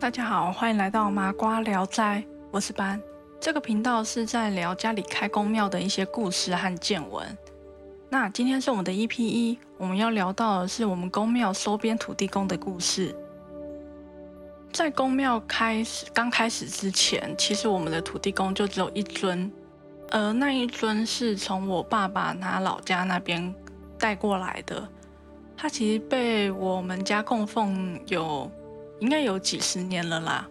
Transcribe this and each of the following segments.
大家好，歡迎來到《麻瓜聊齋》，我是班。這個頻道是在聊家裡開宮廟的一些故事和見聞。那今天是我們的 EP1，我們要聊到的是我們宮廟收編土地公的故事。在宮廟開始剛開始之前，其實我們的土地公就只有一尊，而那一尊是從我爸爸他老家那邊帶過來的。他其實被我們家供奉有應該有幾十年了啦，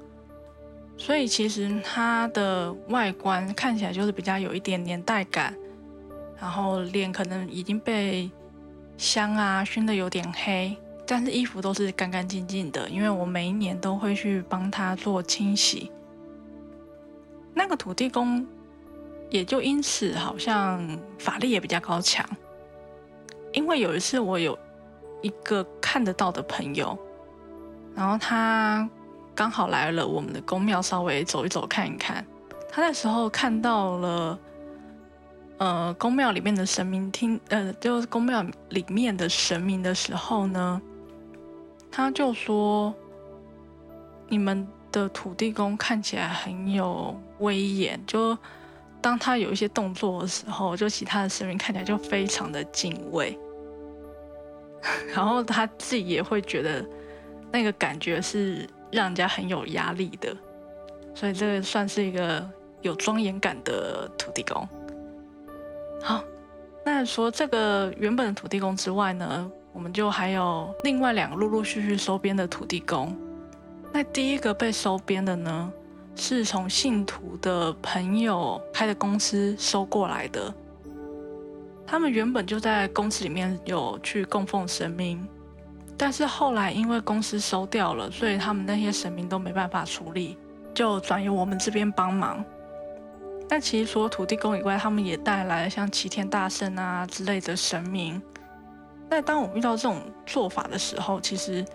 所以其實它的外觀看起來就是比較有一點年代感，然後臉可能已經被香啊燻得有點黑，但是衣服都是乾乾淨淨的，因為我每一年都會去幫他做清洗。那個土地公也就因此好像法力也比較高強，因為有一次我有一個看得到的朋友，然後他剛好來了我們的宮廟，稍微走一走看一看。他那時候看到了，呃，宮廟裡面的神明聽，呃，就是宮廟裡面的神明的時候呢，他就說：“你們的土地公看起來很有威嚴，就當他有一些動作的時候，就其他的神明看起來就非常的敬畏。 ”然後他自己也會覺得。那個感覺是讓人家很有壓力的，所以這算是一個有莊嚴感的土地公。好、哦，那除了這個原本的土地公之外呢，我們就還有另外兩個陸陸續續收編的土地公。那第一個被收編的呢，是從信徒的朋友開的公司收過來的，他們原本就在公司裡面有去供奉神明。但是後來因為公司收掉了，所以他們那些神明都沒辦法處理，就轉由我們這邊幫忙。但其實除了土地公以外，他們也帶來像齊天大聖啊之類的神明。那當我們遇到這種做法的時候，其實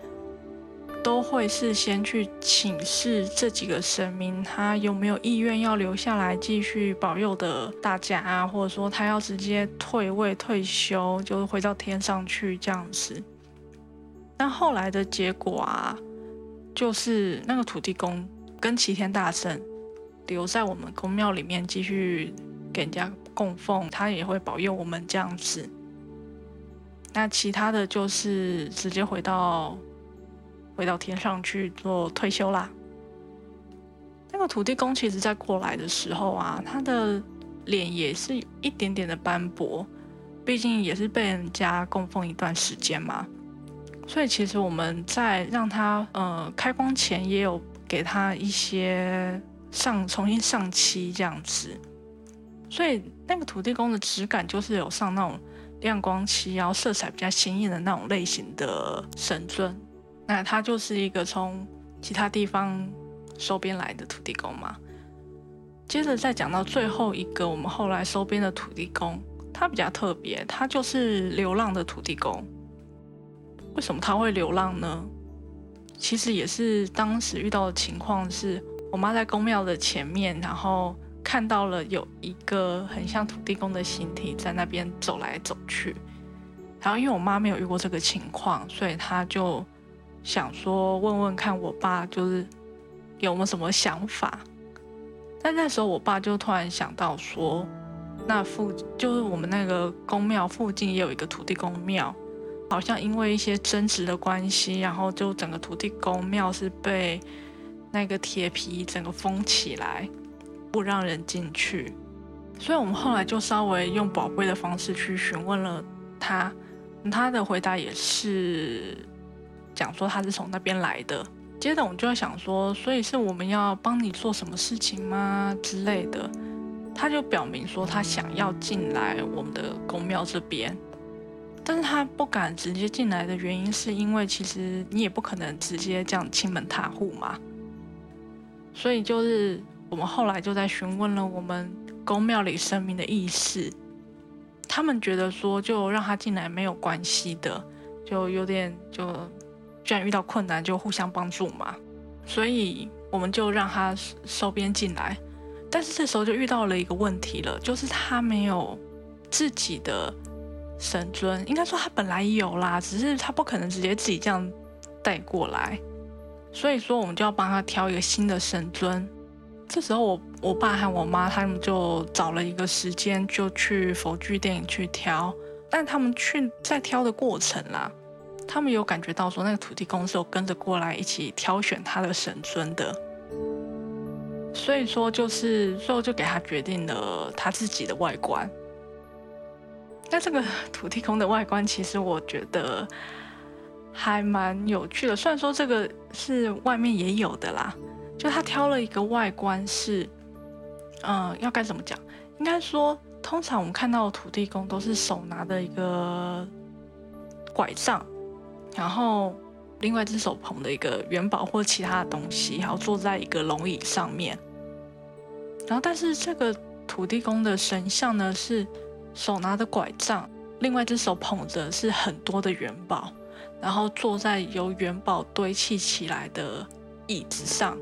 都會事先去請示這幾個神明，他有沒有意願要留下來繼續保佑的大家啊，或者說他要直接退位退休，就是回到天上去這樣子。但後來的結果啊，就是那個土地公跟齊天大聖留在我們宮廟裡面繼續給人家供奉，他也會保佑我們這樣子。那其他的就是直接回到回到天上去做退休啦。那個土地公其實在過來的時候啊，他的臉也是一點點的斑駁，畢竟也是被人家供奉一段時間嘛。所以其實我們在讓它呃開光前也有給它一些上重新上漆這樣子，所以那個土地公的質感就是有上那種亮光漆，然後色彩比較鮮豔的那種類型的神尊。那它就是一個從其他地方收編來的土地公嘛。接着再講到最後一個我們後來收編的土地公，它比較特別，它就是流浪的土地公。為什麼他會流浪呢？其實也是當時遇到的情況是，是我媽在宮廟的前面，然後看到了有一個很像土地公的形體在那邊走來走去。然後因為我媽沒有遇過這個情況，所以她就想說問問看我爸，就是有沒有什麼想法。但那時候我爸就突然想到說，那附就是我們那個宮廟附近也有一個土地公廟。好像因為一些爭執的關係，然後就整個土地公廟是被那個鐵皮整個封起來，不讓人進去。所以我們後來就稍微用寶貴的方式去詢問了他，他的回答也是講說他是從那邊來的。接着我就想說，所以是我們要幫你做什麼事情嗎之類的？他就表明說他想要進來我們的宮廟這邊。但是他不敢直接進來的原因，是因為其實你也不可能直接這樣侵門踏戶嘛。所以就是我們後來就在詢問了我們宮廟裡神明的意思，他們覺得說就讓他進來沒有關係的，就有點就既然遇到困難就互相幫助嘛。所以我們就讓他收編進來，但是這時候就遇到了一個問題了，就是他沒有自己的。神尊應該說他本來有啦，只是他不可能直接自己這樣帶過來，所以說我們就要幫他挑一個新的神尊。這時候我我爸和我媽他們就找了一個時間，就去佛具店去挑。但他們去在挑的過程啦，他們有感覺到說那個土地公是有跟着過來一起挑選他的神尊的，所以說就是最後就給他決定了他自己的外觀。但這個土地公的外觀，其實我覺得還蠻有趣的。雖然說這個是外面也有的啦，就他挑了一個外觀是，嗯、呃，要該怎麼講？應該說，通常我們看到的土地公都是手拿的一個拐杖，然後另外一隻手捧的一個元寶或其他的東西，然後坐在一個龍椅上面。然後，但是這個土地公的神像呢是手拿的拐杖，另外一隻手捧着，是很多的元寶，然後坐在由元寶堆砌起來的椅子上。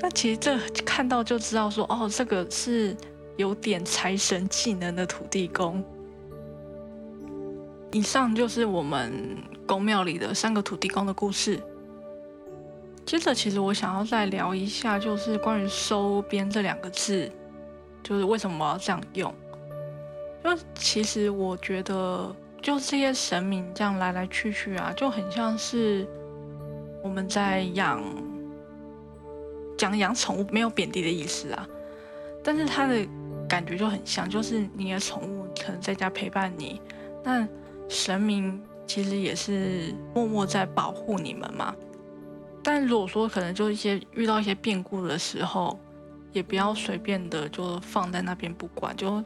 那其實這看到就知道說，說哦，這個是有點財神技能的土地公。以上就是我們宮廟裡的三個土地公的故事。接着，其實我想要再聊一下，就是關於“收編”這兩個字，就是為什麼我要這樣用。就其實我覺得，就這些神明這樣來來去去啊，就很像是我們在養，講養，養寵物沒有貶低的意思啊，但是他的感覺就很像，就是你的寵物可能在家陪伴你，那神明其實也是默默在保護你們嘛。但如果說可能就一些遇到一些變故的時候，也不要隨便的就放在那邊不管就。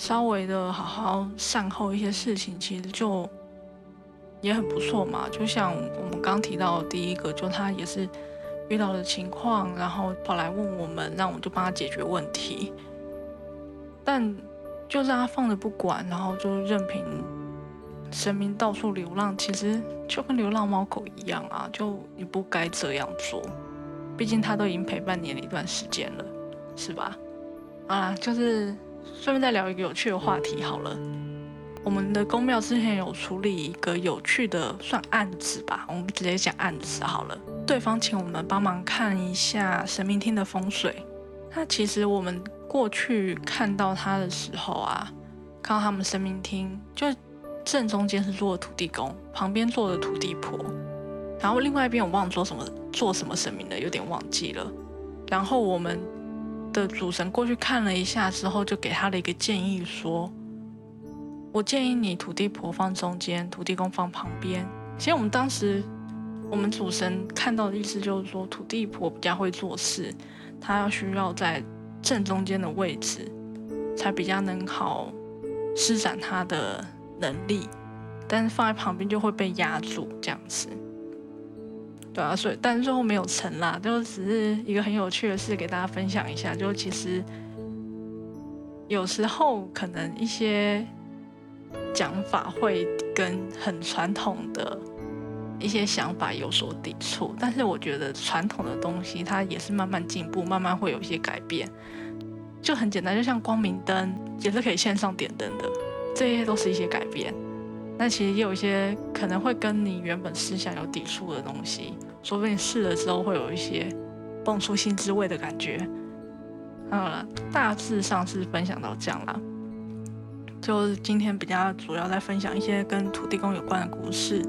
稍微的好好善後一些事情，其實就也很不錯嘛。就像我們剛提到的第一個，就他也是遇到了情況，然後跑來問我們，讓我們就幫他解決問題。但就是他放着不管，然後就任憑神明到處流浪，其實就跟流浪貓狗一樣啊。就你不該這樣做，畢竟他都已經陪伴你了一段時間了，是吧？啊，就是。順便再聊一個有趣的話題好了，我們的宮廟之前有處理一個有趣的，算案子吧，我們直接講案子好了。對方請我們幫忙看一下神明廳的風水，那其實我們過去看到他的時候啊，看到他們神明廳就正中間是坐的土地公，旁邊做的土地婆，然後另外一邊我忘了做什麼做什麼神明的，有點忘記了。然後我們。的主神過去看了一下之後，就給他的一個建議說：“我建議你土地婆放中間，土地公放旁邊。”其實我們當時，我們主神看到的意思就是說，土地婆比較會做事，她要需要在正中間的位置，才比較能好施展她的能力，但是放在旁邊就會被壓住，這樣子。對啊，所以但是最後沒有成啦，就只是一個很有趣的事給大家分享一下。就其實有時候可能一些講法會跟很傳統的一些想法有所抵觸，但是我覺得傳統的東西它也是慢慢進步，慢慢會有一些改變。就很簡單，就像光明燈也是可以線上點燈的，這些都是一些改變。那其實也有一些可能會跟你原本思想有抵觸的東西，說不定試了之後會有一些蹦出新滋味的感覺。好了，大致上是分享到這樣啦。就是今天比較主要在分享一些跟土地公有關的故事。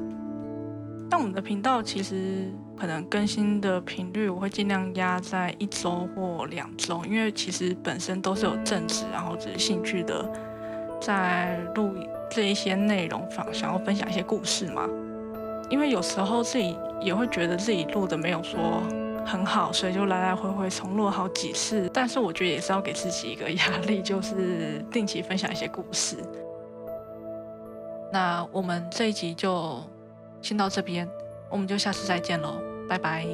但我們的頻道其實可能更新的頻率我會盡量壓在一周或兩周，因為其實本身都是有正職，然後只是興趣的。在錄這一些內容，想想要分享一些故事嘛。因為有時候自己也會覺得自己錄的沒有說很好，所以就來來回回重錄了好幾次。但是我覺得也是要給自己一個壓力，就是定期分享一些故事。那我們這一集就先到這邊，我們就下次再見嘍，拜拜。